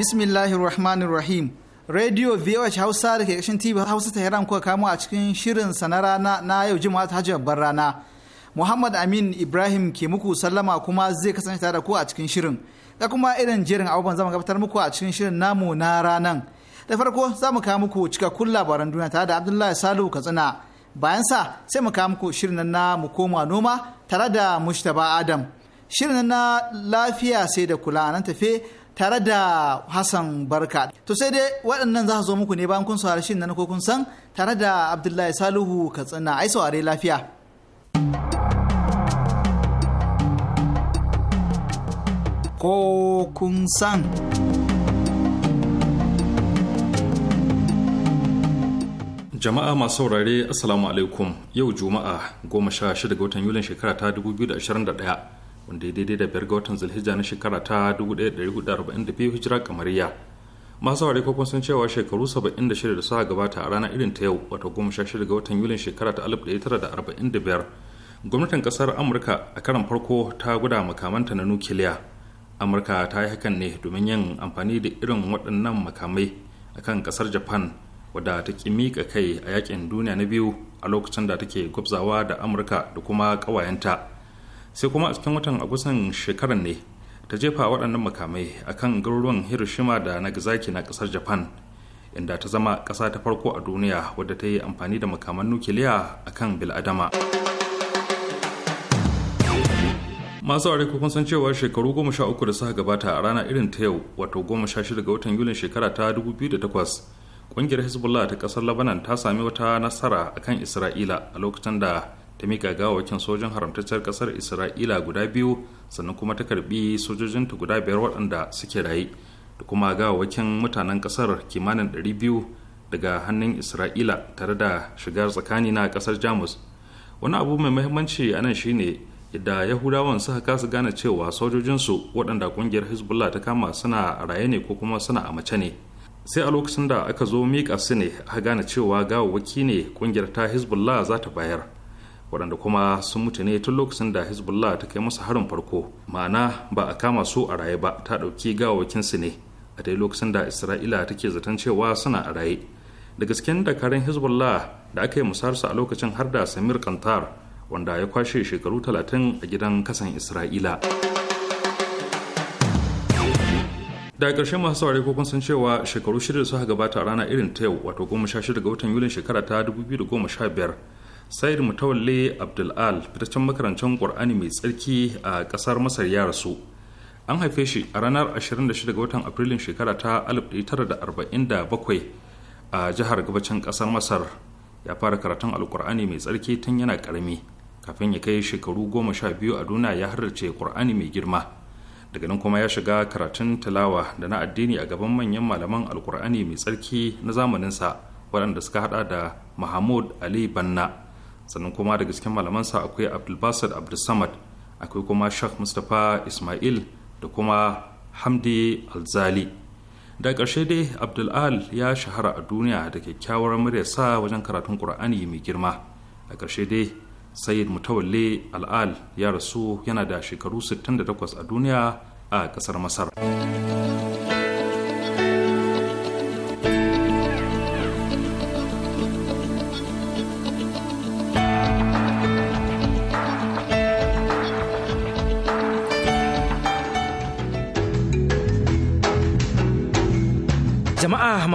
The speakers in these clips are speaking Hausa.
Bismillahirrahmanirrahim. Radio VOH Hausa da ke kashin TV Hausa ta Hiram kuka kamo a cikin shirin sa na rana na yau Juma'a ta hajji babbar rana. Muhammad Amin Ibrahim ke muku sallama kuma zai kasance tare da ku a cikin shirin. Da kuma irin jerin abubuwan zama gabatar muku a cikin shirin namu na ranan. Da farko za mu kawo muku cikakkun labaran duniya tare da Abdullahi Salihu Katsina. Bayan sa sai mu kawo muku shirin na mu koma noma tare da Mustapha Adam. Shirin na lafiya sai da kula nan tafe tare da Hassan Barka. To sai dai waɗannan za su zo muku ne bayan kun saurari shin nan ko kun san tare da Abdullahi Salihu Katsina ai saurare lafiya. Ko kun san. jama'a masu saurare assalamu alaikum yau juma'a 16 ga watan yulin shekara ta 2021 wanda ya daidai da biyar ga watan zulhijja na shekara ta 1442 hijira kamariya masu ware kokon sun cewa shekaru 76 da suka gabata a rana irin ta yau wato 16 ga watan yulin shekara ta 1945 gwamnatin kasar amurka a karan farko ta guda makamanta na nukiliya amurka ta yi hakan ne domin yin amfani da irin waɗannan makamai a kan kasar japan wadda ta ki miƙa kai a yakin duniya na biyu a lokacin da take gwabzawa da amurka da kuma ƙawayenta sai kuma a cikin watan agusan shekarar ne ta jefa waɗannan makamai a kan garuruwan hiroshima da nagasaki na ƙasar japan inda ta zama ƙasa ta farko a duniya wadda ta yi amfani da makaman nukiliya a kan biladama masu aure kun san cewa shekaru goma sha uku da suka gabata a rana irin ta yau wato goma sha shida ga watan yulin shekara ta da 2008 ƙungiyar hezbollah ta ƙasar labanan ta sami wata nasara akan isra'ila a lokacin da ta miƙa wakin sojin haramtaccen kasar isra'ila guda biyu sannan kuma ta karbi sojojinta guda biyar waɗanda suke raye da kuma wakin mutanen ƙasar kimanin ɗari biyu daga hannun isra'ila tare da shigar tsakani na ƙasar jamus wani abu mai muhimmanci a nan shine yadda yahudawan suka kasa gane cewa sojojinsu waɗanda ƙungiyar hezbollah ta kama suna raye ne ko kuma suna a mace ne sai a lokacin da aka zo miƙa su ne aka gane cewa gawawwaki ne ƙungiyar ta hezbollah za ta bayar waɗanda kuma sun mutu ne tun lokacin da hezbollah ta kai musu harin farko ma'ana ba a kama su a raye ba ta ɗauki gawakin su ne a dai lokacin da isra'ila take zaton cewa suna a raye da gasken dakarun hezbollah da aka yi musarsa a lokacin har da samir kantar wanda ya kwashe shekaru talatin a gidan kasan isra'ila daga ƙarshe masu saurari ko sun cewa shekaru shida suka gabata a rana irin ta yau wato goma sha shida ga watan yulin shekara ta dubu biyu da goma sha biyar said mutawalle abdul'al fitaccen makarancin ƙur'ani mai tsarki a ƙasar masar ya rasu an haife shi a ranar 26 ga watan afrilun shekara ta 1947 a jihar gabacin ƙasar masar ya fara karatun alƙur'ani mai tsarki tun yana ƙarami kafin ya kai shekaru goma sha biyu a duniya ya harrace ƙur'ani mai girma daga nan kuma ya shiga karatun talawa da na addini a gaban manyan malaman alƙur'ani mai tsarki na zamaninsa waɗanda suka hada da mahmud ali banna sannan kuma daga cikin malamansa akwai abdulbasir abdulsamad akwai kuma shak mustapha ismail da kuma hamdi alzali da ƙarshe dai abdul abdul'al ya shahara a duniya da kyakkyawar muryarsa wajen karatun ƙur'ani mai girma a ƙarshe dai sayyid mutawalle al'al ya rasu yana da shekaru 68 a duniya a ƙasar masar.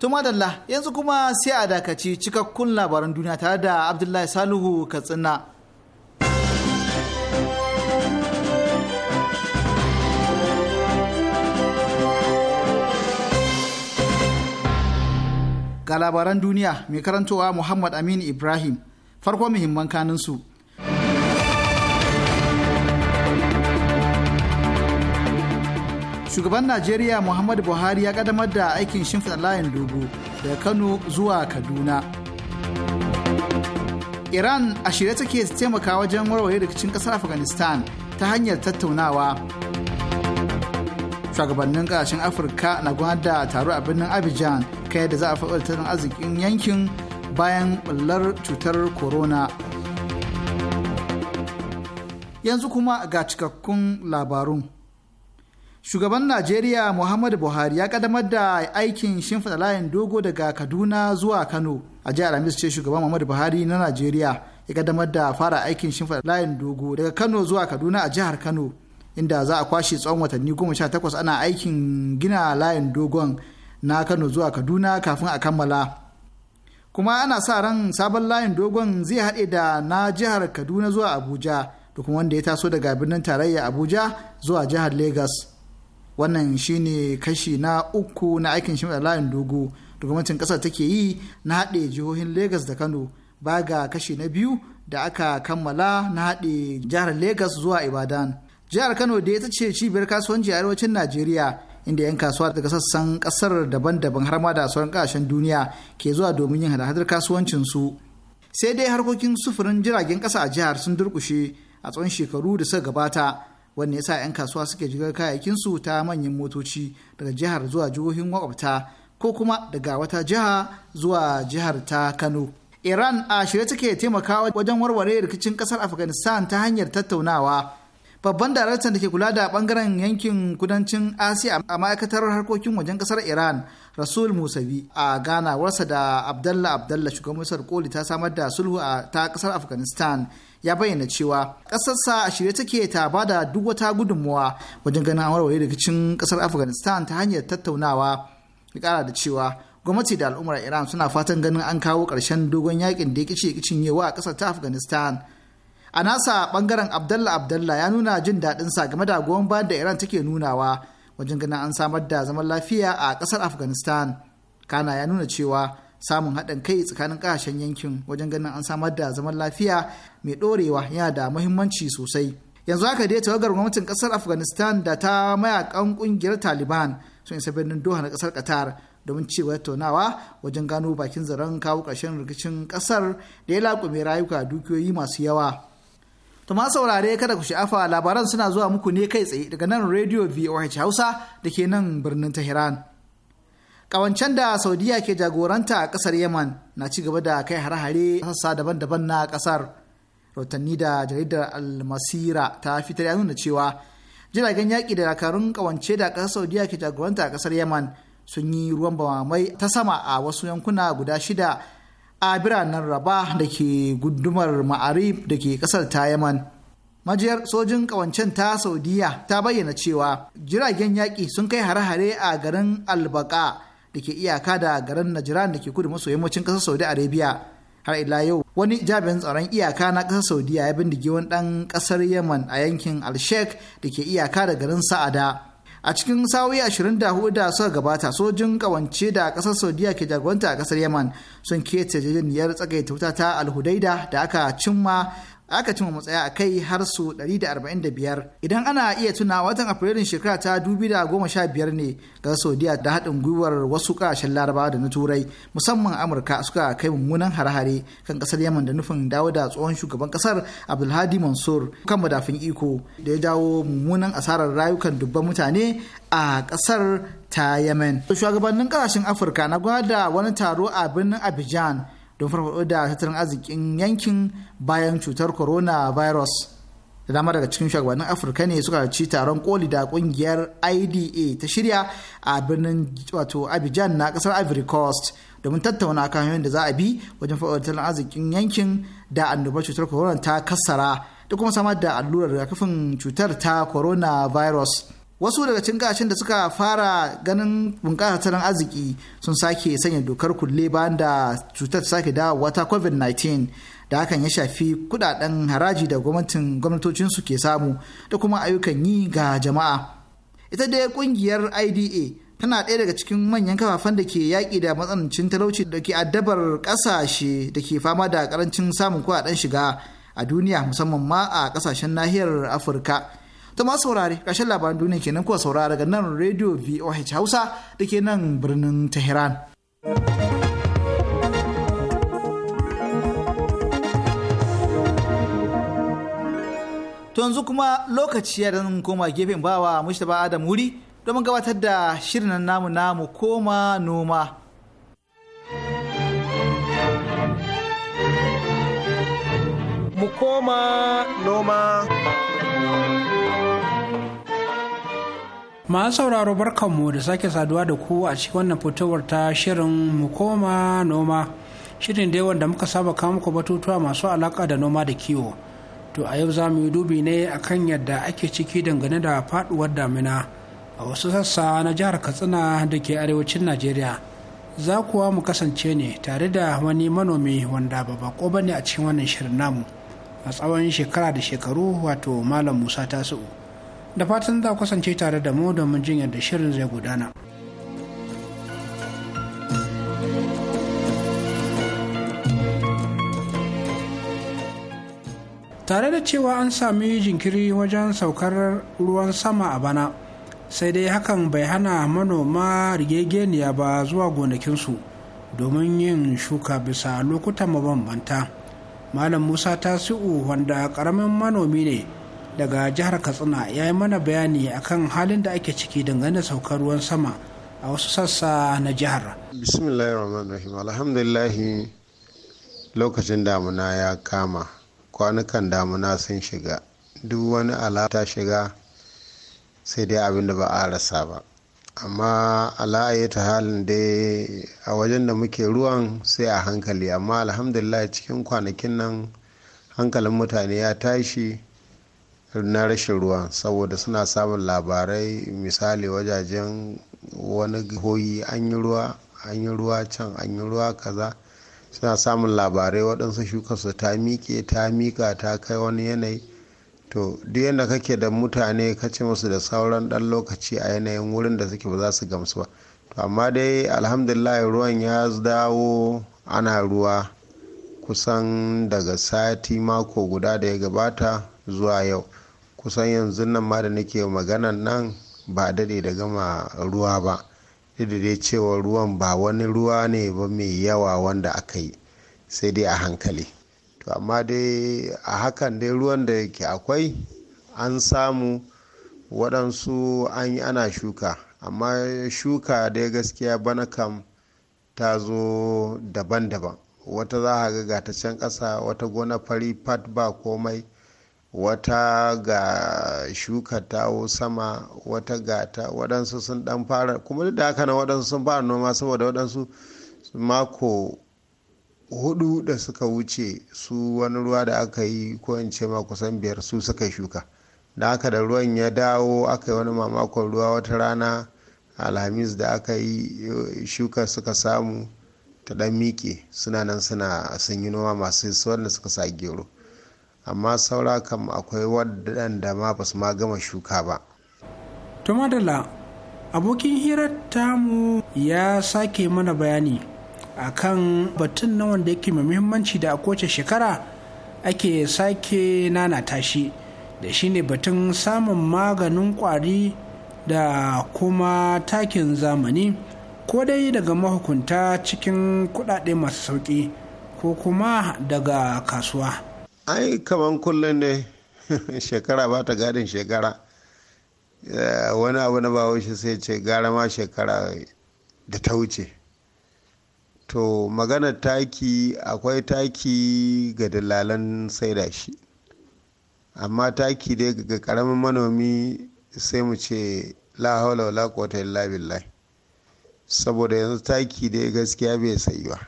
To madalla yanzu kuma sai a dakaci cikakkun labaran duniya tare da Abdullahi Salihu Katsina. Ga labaran duniya mai karantowa Muhammad Aminu Ibrahim farko muhimman kanunsu. shugaban najeriya muhammadu buhari ya ƙaddamar da aikin shimfiɗa layin dubu daga kano zuwa kaduna iran a shirye take taimaka wajen warware rikicin ƙasar afghanistan ta hanyar tattaunawa shugabannin ƙasashen afirka na gudanar da taro a birnin abidjan kai da za a faɗa tattalin arzikin yankin bayan ɓullar cutar corona yanzu kuma ga cikakkun labarun shugaban najeriya muhammadu buhari ya kadamar da aikin shimfiɗa layin dogo daga kaduna zuwa kano a jihar amis ce shugaban muhammadu buhari na najeriya ya kadamar da fara aikin shimfiɗa layin dogo daga kano zuwa kaduna a jihar kano inda za a kwashe tsawon watanni goma sha takwas ana aikin gina layin dogon na kano zuwa kaduna kafin a kammala kuma ana sa ran sabon layin dogon zai haɗe da na jihar kaduna zuwa abuja da kuma wanda ya taso daga birnin tarayya abuja zuwa jihar lagos wannan shine kashi na uku na aikin shimfiɗa layin dogo da gwamnatin ƙasa take yi na haɗe jihohin Legas da Kano ba ga kashi na biyu da aka kammala na haɗe jihar Legas zuwa Ibadan. Jihar Kano da ita ce cibiyar kasuwanci a arewacin Najeriya inda 'yan kasuwa daga sassan ƙasar daban-daban har ma da sauran ƙasashen duniya ke zuwa domin yin hada-hadar kasuwancinsu. Sai dai harkokin sufurin jiragen ƙasa a jihar sun durƙushe a tsawon shekaru da suka gabata wanda ya sa 'yan kasuwa suke jigar kayayyakinsu ta manyan motoci daga jihar zuwa jihohin makwabta ko kuma daga wata jiha zuwa jihar ta kano iran a shirye take taimakawa wajen warware rikicin kasar afghanistan ta hanyar tattaunawa babban daraktan da ke kula da bangaren yankin kudancin asiya a ma'aikatar harkokin wajen kasar iran rasul musabi a Ghana warsa da abdalla abdalla shugaban koli ta samar da sulhu a ta kasar afghanistan ya bayyana cewa ƙasarsa a shirye take ta ba da duk wata gudunmuwa wajen ganin warware rikicin ƙasar afghanistan ta hanyar tattaunawa ya ƙara da cewa gwamnati da al'ummar iran suna fatan ganin an kawo ƙarshen dogon yakin da ya kice kicin yawa a ƙasar ta afghanistan a nasa ɓangaren abdalla abdalla ya nuna jin daɗinsa game da goyon bayan da iran take nunawa wajen ganin an samar da zaman lafiya a kasar afghanistan kana ya nuna cewa samun haɗin kai tsakanin ƙasashen yankin wajen ganin an samar da zaman lafiya mai ɗorewa yana da muhimmanci sosai yanzu haka dai tawagar gwamnatin ƙasar afghanistan da ta mayakan ƙungiyar taliban sun isa birnin doha na ƙasar qatar domin ci tattaunawa wajen gano bakin zaren kawo ƙarshen rikicin ƙasar da ya laƙume rayuka dukiyoyi masu yawa To ma saurare kada ku sha'afa labaran suna zuwa muku ne kai tsaye daga nan Radio VOH Hausa da ke nan birnin Tehran. Kawancen da Saudiya ke jagoranta a ƙasar Yaman na ci gaba da kai hare-hare sassa daban-daban na ƙasar. Rotanni da jaridar Almasira ta fitar ya nuna cewa jiragen yaƙi da dakarun kawance da ƙasar Saudiya ke jagoranta a ƙasar Yaman sun yi ruwan bamamai ta sama a wasu yankuna guda shida a biranen raba da ke gundumar ma'arib da ke kasar ta yaman majiyar sojin kawancen ta saudiya ta bayyana cewa jiragen yaƙi sun kai hare-hare a garin albaka da ke iyaka da garin najiran da ke kudu maso yammacin kasar saudi arabia har ila yau wani jami'in tsaron iyaka na kasar saudiya ya bindige wani ɗan ƙasar yaman a yankin alshek da ke iyaka da garin sa'ada a cikin sa'o'i 24 da suka gabata sojin kawance da kasar saudiya ke jagoranta a kasar yaman sun keta jirgin tsagaita wuta ta alhudaida da aka cimma aka cimma matsaya a kai har su 145 idan ana iya tuna watan afrilun shekara ta dubi da goma sha biyar ne ga saudiya da haɗin gwiwar wasu ƙasashen larabawa da na turai musamman amurka suka kai mummunan hare-hare kan ƙasar yaman da nufin dawo da tsohon shugaban ƙasar abdulhadi mansur kan madafin iko da ya jawo mummunan asarar rayukan dubban mutane a ƙasar ta yamen shugabannin ƙasashen afirka na gwada wani taro a birnin abidjan don farfaɗo da tattalin arzikin yankin bayan cutar coronavirus da dama daga cikin shugabannin afirka ne suka ci taron koli da kungiyar ida ta shirya a birnin wato abidjan na kasar ivory coast domin tattauna kan hanyoyin da za a bi wajen faɗo tattalin arzikin yankin da annobar cutar corona ta kassara da kuma samar da allurar rigakafin cutar ta coronavirus. virus wasu daga cin gashin da suka fara ganin bunƙasa tattalin arziki sun sake sanya dokar kulle bayan da cutar sake dawowa ta covid-19 da hakan ya shafi kudaden haraji da gwamnatin su ke samu da kuma ayyukan yi ga jama'a ita dai kungiyar ida tana ɗaya daga cikin manyan kafafen da ke yaƙi da matsanancin talauci da ke addabar ƙasashe da ke fama da ƙarancin samun kuɗaɗen shiga a duniya musamman ma a ƙasashen nahiyar afirka ta ma saurare ƙarshen labaran duniya kenan kuwa saurara daga nan Radio VOH Hausa da ke nan birnin Tehran. To yanzu kuma lokaci ya dan koma gefen bawa Mustapha Adam wuri domin gabatar da shirin namu namu koma noma. Mu koma noma. masu sauraro barkanmu da sake saduwa da ku a cikin wannan fitowar ta shirin mu koma noma shirin dai wanda muka saba kawo muku batutuwa masu alaka da noma da kiwo to a yau za mu yi dubi ne akan yadda ake ciki dangane da faduwar damina a wasu sassa na jihar katsina da ke arewacin najeriya za kuwa mu kasance ne tare da wani manomi wanda ba bako ba ne a cikin wannan shirin namu a tsawon shekara da shekaru wato malam musa tasu'u da fatan za kasance tare da mu domin jin yadda shirin zai gudana. tare da cewa an sami jinkiri wajen saukar ruwan sama a bana sai dai hakan bai hana manoma rigegeniya ba zuwa gonakinsu domin yin shuka bisa lokutan mabambanta malam musa tasi'u wanda karamin manomi ne daga jihar katsina ya yi mana bayani akan halin da ake ciki dangane saukar ruwan sama a wasu sassa na jihar bismillahirrahmanirrahim alhamdulillahi lokacin damuna ya kama kwanukan damuna sun shiga duk wani ta shiga sai dai abin da ba a rasa ba amma ala'ayi ta halin dai a wajen da muke ruwan sai a hankali amma alhamdulillah cikin kwanakin nan hankalin mutane ya tashi na rashin ruwa saboda suna samun labarai misali wajajen wani hoyi an yi ruwa an yi ruwa can an yi ruwa kaza suna samun labarai waɗansu shukarsu ta miƙe ta miƙa ta kai wani yanayi to duk yadda kake da mutane ka ce musu da sauran ɗan lokaci a yanayin wurin da suke ba za su gamsu ba to amma dai alhamdulillah ruwan ya dawo ana ruwa kusan daga sati mako guda da ya gabata zuwa yau kusan yanzu nan ma da nake maganan nan ba dade da gama ruwa ba duk dai cewa ruwan ba wani ruwa ne ba mai yawa wanda aka yi sai dai a hankali to amma dai a hakan dai ruwan da yake akwai an samu waɗansu an yi ana shuka amma shuka dai gaskiya bana kam ta zo daban-daban wata za a ga ta can ƙasa wata gona fari fat ba komai wata ga shuka tawo sama wata gata waɗansu sun ɗan fara kuma duk da haka nan waɗansu sun fara noma saboda waɗansu mako hudu da suka wuce su wani ruwa da aka yi ko in ce biyar su suka shuka da haka da ruwan ya dawo aka yi wani mamakon ruwa wata rana alhamis da aka yi shuka suka samu ta ɗan miƙe suna nan suna sun yi noma masu wanda suka sa gero amma saura kam akwai waɗanda ma ba su ma gama shuka ba to madalla abokin hirar tamu ya sake mana bayani akan batun na wanda yake mai muhimmanci da a kowace shekara ake sake nana tashi da shine batun samun maganin kwari da kuma takin zamani ko dai daga mahukunta cikin kudade masu sauki ko kuma daga kasuwa ai kamar kullum ne shekara ba ta gadin shekara eh, wani abu na bahaushe sai ce gara ma shekara da ta wuce to maganar taki akwai taki ga dalalan saida shi amma taki dai ga karamin manomi sai mu ce la haula wala quwwata illa billahi saboda yanzu taki dai gaskiya bai sayuwa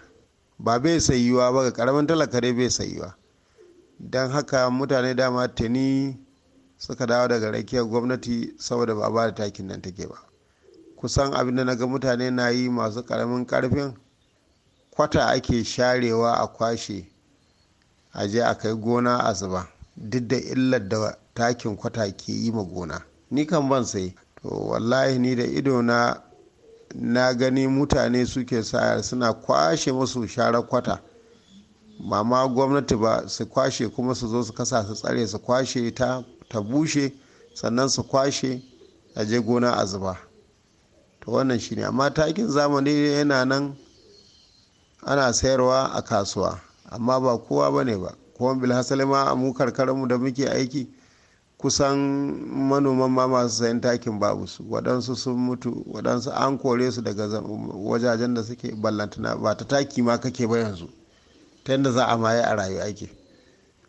ba bai sayuwa ba ga karamin talaka dai bai sayuwa don haka mutane dama tuni suka dawo daga rakiyar gwamnati saboda ba ba da takin nan take ba kusan abin da naga mutane na yi masu karamin karfin kwata ake sharewa a kwashe a je a kai gona a zuba duk da illar da takin kwata ke yi ma gona ni kan ban sai to wallahi ni da ido na na gani mutane suke sa suna kwashe masu sharar kwata ba ma gwamnati ba su kwashe kuma su zo su kasa su tsare su kwashe ta ta bushe sannan su kwashe a je gona a zuba to wannan shine amma takin zamani yana nan ana sayarwa a kasuwa amma ba kowa ba ne ba kuma bilhassali ma a mu karkararmu da muke aiki kusan manoman ma masu sayan takin babu su waɗansu sun mutu waɗansu an kore su daga wajajen da suke ballantana ba ta taki ma kake ba yanzu ta yadda za a maye a rayu ake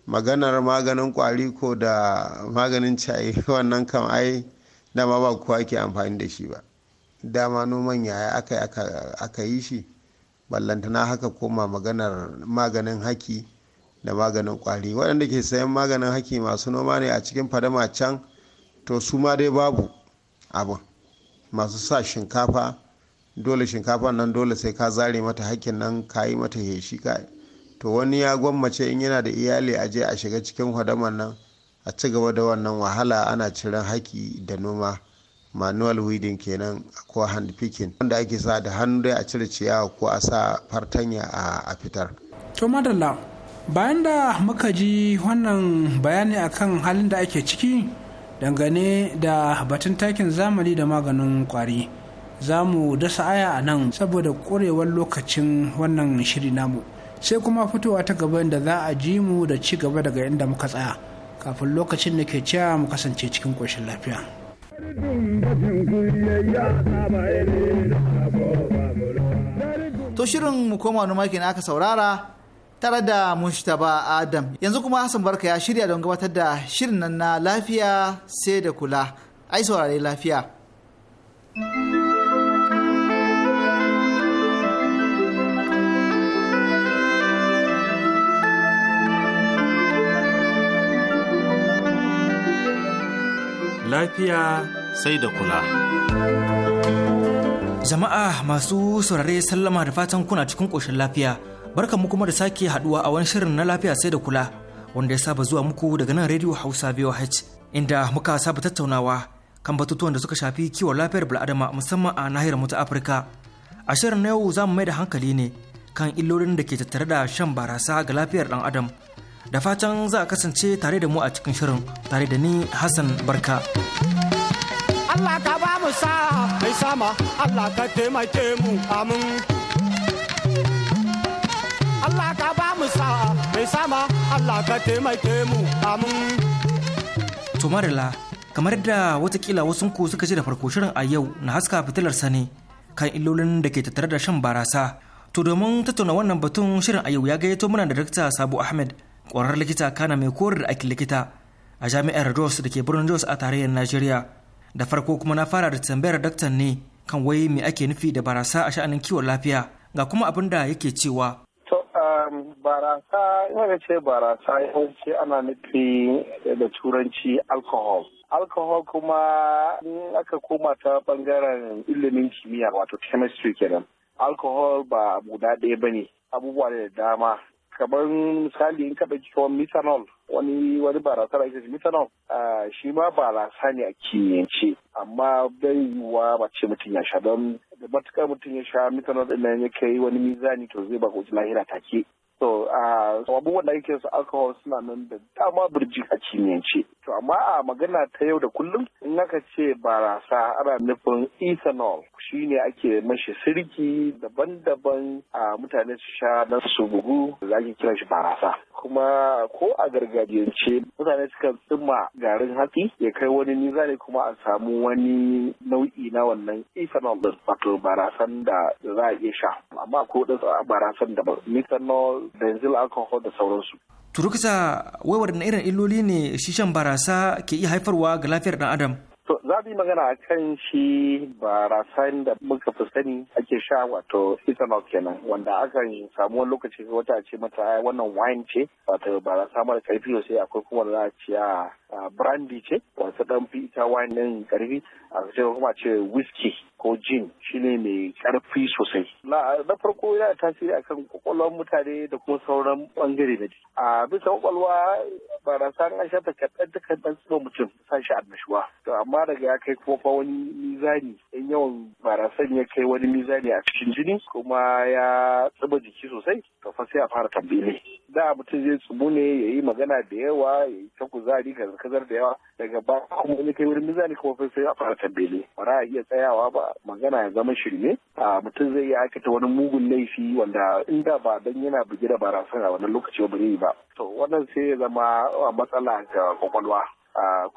maganar maganin kwari ko da maganin cayi wannan kam ai dama ba kowa ke amfani da shi ba dama noman yaya aka yi shi ballantana haka koma maganar maganin haki da maganin kwari waɗanda ke sayan maganin haki masu noma ne a cikin fadama can to su ma dai babu abu masu sa shinkafa dole shinkafa nan dole sai ka zare mata hakkin nan ka yi mata heshi ka to wani ya gwammace in yana da iyali a je a shiga cikin hadaman nan a ci gaba da wannan wahala ana ciran haki da noma manual weeding kenan ko hand picking wanda ake sa da hannu dai a cire ciyawa ko a sa fartanya a fitar to madalla bayan da muka ji wannan bayani akan halin da ake ciki dangane da batun takin zamani da maganin kwari za mu dasa aya a nan saboda ƙwarewar lokacin wannan shiri namu sai kuma fitowa ta gaba da za a ji mu da ci gaba daga inda muka tsaya kafin lokacin da ke cewa mu kasance cikin ƙoshin lafiya. To shirin mu koma wani maki aka saurara tare da Mushtaba Adam. Yanzu kuma Hassan Barka ya shirya don gabatar da shirin nan na lafiya sai da kula. Ai saurare lafiya. lafiya sai da kula. Jama'a masu saurare sallama da fatan kuna cikin ƙoshin lafiya. Barkan mu kuma da sake haɗuwa a wani shirin na lafiya sai da kula wanda ya saba zuwa muku daga nan Radio Hausa VOH inda muka saba tattaunawa kan batutuwan da suka shafi kiwon lafiyar bil'adama musamman a nahiyar mu ta Afirka. A shirin na yau za mu mai da hankali ne kan illolin da ke tattare da shan barasa ga lafiyar ɗan adam. da fatan za a kasance tare da mu a cikin shirin tare da ni Hassan Barka. Allah ka ba mu sa mai sama Allah ka taimake mu amin. Allah ka ba mu sa mai sama Allah ka taimake mu amin. To kamar da watakila wasu ku suka ji da farko shirin a yau na haska fitilar sani kan illolin da ke tattare da shan barasa. To domin tattauna wannan batun shirin a yau ya gayyato muna da Dr. Sabo Ahmed ƙwararren likita kana mai koyar da aikin likita a jami'ar jos da ke birnin jos a tarayyar najeriya da farko kuma na fara da tambayar daktan ne kan wai me ake nufi da barasa a sha'anin kiwon lafiya ga kuma abin da yake cewa um, barasa ina da ce barasa yawanci ana nufi da turanci alcohol alcohol kuma in aka koma ta bangaren ilimin kimiyya wato chemistry kenan alcohol ba guda ɗaya ba ne abubuwa da dama kamar misali in ka cikin kamar methanol wani wani barasa da ake methanol shi ma barasa ne a kimiyyance amma bai yiwuwa ba ce mutum ya sha don da matuƙar mutum ya sha methanol ɗin nan ya kai wani mizani to zai ba ko lahira take Uh, so, abubuwan da ake su alcohol suna nan da dama birji a cinyance. To, amma a magana ta yau da kullum in aka ce barasa ana nufin ethanol shi ne ake mashi sirki daban-daban a mutane su sha na su bugu za ki kira shi barasa. kuma ko a gargajiyance mutane sukan tsima garin hatsi ya kai wani ne kuma a samu wani nau'i na wannan ethanol din wato barasan da za a iya sha amma ko da barasan da methanol benzyl alcohol da sauransu turuksa wai na irin illoli ne shi shan barasa ke iya haifarwa ga lafiyar dan adam to za mu yi magana a kan shi barasan da muka fi sani ake sha wato ethanol kenan wanda aka samu wani lokaci wata ce mata wannan wine ce wato barasa mara karfi sai akwai kuma za a ce a brandy ce wasu dan fi ita wine din karfi a sai kuma ce whiskey ko gin shine mai karfi sosai na farko yana tasiri akan kwakwalwar mutane da kuma sauran bangare na a bisa kwakwalwa barasa an shafa kaɗan da kaɗan mutum sa shi annashuwa to amma da riga ya kai kuma wani mizani in yawan barasan ya kai wani mizani a cikin jini kuma ya tsiba jiki sosai to sai a fara tambele da mutum zai tsubu ne ya yi magana da yawa ya yi ta kuzari ga zarkazar da yawa daga ba kuma wani kai wani mizani kuma fa sai a fara tambele ba za a iya tsayawa ba magana ya zama shirme a mutum zai yi aikata wani mugun laifi wanda inda ba dan yana buge da barasan a wannan lokaci ba ba to wannan sai ya zama a matsala ga kwakwalwa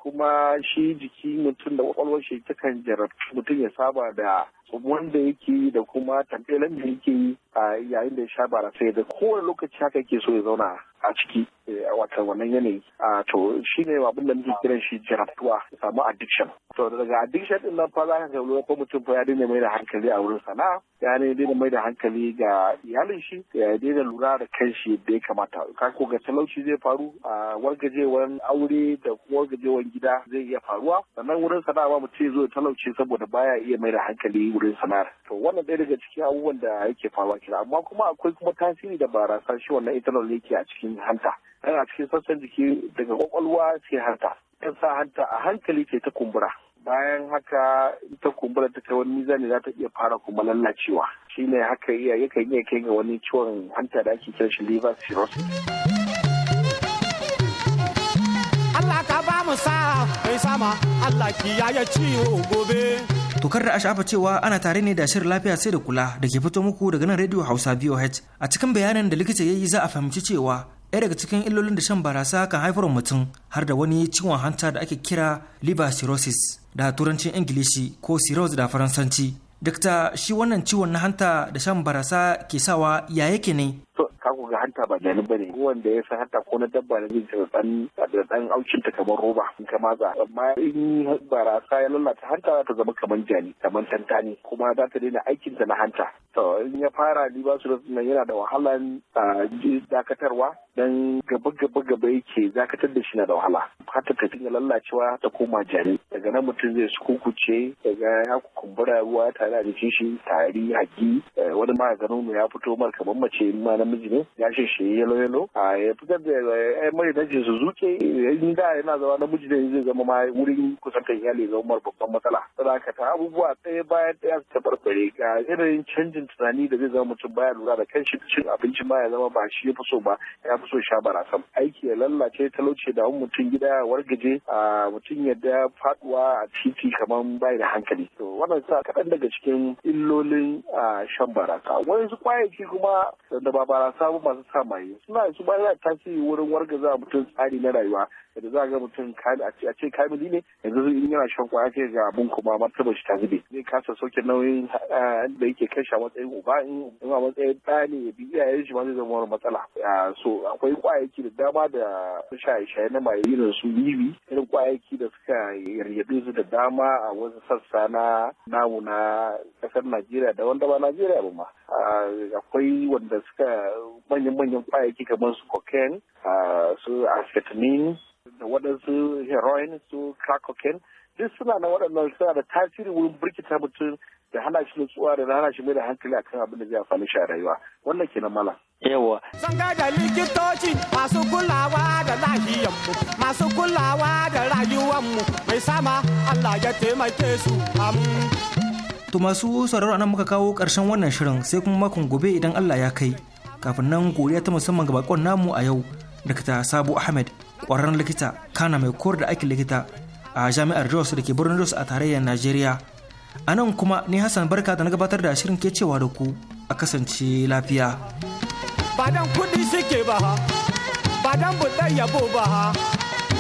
kuma shi jiki mutum da kwakwalwar shi ta kan jarabta mutum ya saba da wanda yake yi da kuma tantalan da yake yi yayin da ya sha barasa ya kowane lokaci haka ke so ya zauna a ciki Eh, wata wannan yanayi a to shi ne abin da muke kiran shi jaratuwa samu addiction to daga addiction din nan fa za ka kalli ko mutum fa ya daina mai da hankali a wurin sana'a ya ne daina mai da hankali ga iyalin shi ya daina lura da kan shi da ya kamata ka ko ga talauci zai faru a wargajewan aure da wargajewan gida zai iya faruwa sannan wurin sana'a ba mutum zo talauci saboda baya iya mai da hankali wurin sana'ar to wannan ɗaya daga cikin abubuwan da yake faruwa kira amma kuma akwai kuma tasiri da barasa shi wannan ethanol yake a cikin hanta yana cikin sassan jiki daga kwakwalwa ce hanta yan sa hanta a hankali ce ta kumbura bayan haka ta kumbura ta kai wani mizani za ta iya fara kuma lallacewa shine haka iya yakan iya kai ga wani ciwon hanta da ake kiran shi liver cirrhosis Allah ka ba mu sa mai sama Allah ya ciwo gobe Tukar da a cewa ana tare ne da shirin lafiya sai da kula da ke fito muku daga nan Radio Hausa VOH. A cikin bayanan da likita ya yi za a fahimci cewa ɗaya daga cikin illolin da shan barasa kan haifar mutum har da wani ciwon hanta da ake kira liver cirrhosis da turancin ingilishi ko cirrhosis da faransanci dokta shi wannan ciwon na hanta da shan barasa ke sawa ya yake ne to ka ku ga hanta ba jani bane wanda ya san hanta ko na dabba da zai dan da dan aucin ta kamar roba in ka maza amma in barasa ya lalata hanta ta zama kamar jani kamar tantani kuma za ta daina aikin ta na hanta to in ya fara ni b'a su da yana da wahalan dakatarwa dan gaba gaba gaba yake dakatar da shi na da wahala hata ta dinga lallacewa ta koma jani daga nan mutum zai su kukuce daga ya kumbura ruwa tare da jikin shi tari haki eh, wani ma mu ya fito mar kamar mace ma namiji ne gashin shi yalo yalo a ya fitar da ya eh, mai na su zuke eh, in da yana zama namiji ne zai zama ma wurin kan iyali zama babban matsala saboda ta abubuwa ɗaya bayan ɗaya su barbare ga irin canjin tunani da zai zama mutum baya lura da shi cin abinci ma ya zama ba shi ya fi so ba ya fi so sha barasa aiki ya lallace talauce da mutum gida ya wargaje a mutum ya da faduwa a titi kamar bai da hankali to wannan sa kaɗan daga cikin illolin shan barasa wani su kwayaki kuma da ba barasa ba masu samaye suna su ba tasiri wurin wargaza mutum tsari na rayuwa da za a ga mutum a ce kamili ne yanzu in yana shan kwaya a ga abun kuma martaba shi ta zube zai kasa sauke nauyin eh, da yake kai shi matsayin uba in a matsayin ɗa ne ya bi iyayen shi ma zai zama wani matsala so akwai kwayaki da dama da shaye-shaye na mai irin su bibi? irin kwayaki da suka yaryabe su da dama a wasu sassa na namu na ƙasar Najeriya da wanda ba Najeriya ba ma akwai wanda suka manyan-manyan kwayaki kamar su cocaine su acetylene da waɗansu heroin su crack cocaine duk suna na waɗannan suna da tasiri wurin birkita mutum da hana shi nutsuwa da hana shi mai da hankali akan abin da zai amfani shi a rayuwa wannan kenan mala yawa san ga da likitoci masu kulawa da lahiyar mu masu kulawa da rayuwar mu mai sama Allah ya taimake su amin to masu sauraro anan muka kawo ƙarshen wannan shirin sai kuma makon gobe idan Allah ya kai kafin nan godiya ta musamman ga bakon namu a yau Dakta Sabu Ahmed ƙwararren likita kana mai koyar da aikin likita a jami'ar jos da ke birnin jos a tarayyar najeriya a nan kuma ni hassan barka da na gabatar da shirin ke cewa da ku a kasance lafiya badan kudi suke ba ha badan budar yabo ba ha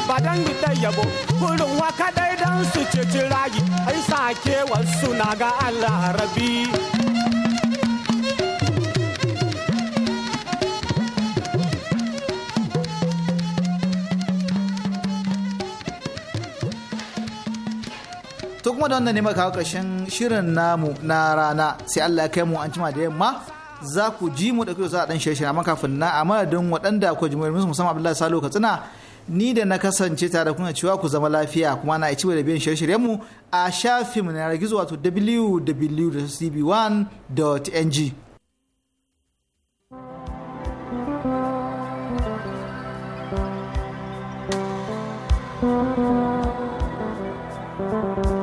badan budar yabo kurin waka dai dan su ceci rayu ai sake wasu na ga allah rabi kuma da wannan ne maka ƙarshen shirin namu na rana sai Allah ya kai mu an cima da yamma za ku ji mu da kuka za a dan shirye amma kafin na a madadin waɗanda ku ji musu musamman Abdullahi Salo Katsina ni da na kasance tare kuna cewa ku zama lafiya kuma na ci da biyan shirye mu a shafin mu na gizo wato www.cb1.ng thank you